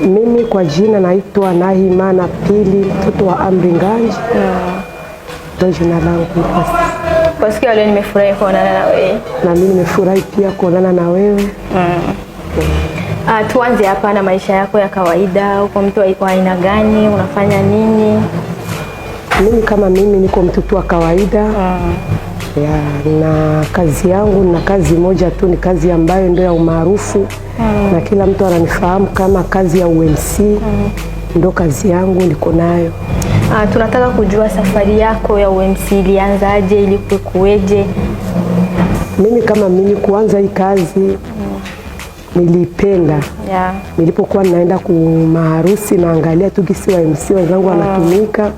Mimi kwa jina naitwa Nahimana Pili, mtoto wa Amri Nganji. Ndio jina langu. Kwa siku leo nimefurahi kuonana na wewe. Na mimi nimefurahi pia kuonana na wewe mm. Ah, tuanze hapa na maisha yako ya kawaida. Uko mtu wa aina gani? Unafanya nini? Mimi kama mimi niko mtoto wa kawaida mm ya, na kazi yangu na kazi moja tu, ni kazi ambayo ndio ya umaarufu mm. na kila mtu ananifahamu kama kazi ya UMC mm. ndo kazi yangu niko nayo. Ah, tunataka kujua safari yako ya UMC ilianzaje, ilikuweje? Mimi kama mimi kuanza hii kazi mm. nilipenda yeah. Nilipokuwa naenda kumaharusi naangalia tu gisi wa MC wenzangu mm. wanatumika,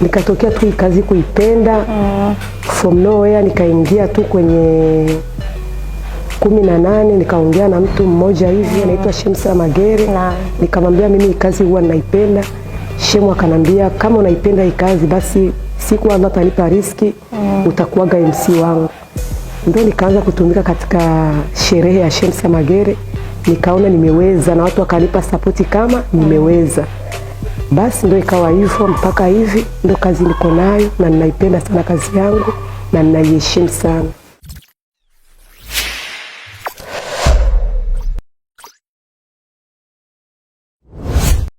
nikatokea tu kazi kuipenda mm from nowhere nikaingia tu kwenye kumi na nane nikaongea na mtu mmoja hivi anaitwa Shemsa Magere, nikamwambia mimi kazi huwa naipenda. Shemu akanambia kama unaipenda hii kazi basi siku ambayo atanipa riski mm. utakuwaga MC wangu. Ndio nikaanza kutumika katika sherehe ya Shemsa Magere, nikaona nimeweza, na watu wakanipa sapoti kama nimeweza. Basi ndio ikawa hivyo mpaka hivi, ndio kazi niko nayo na ninaipenda sana kazi yangu na ninaiheshimu sana.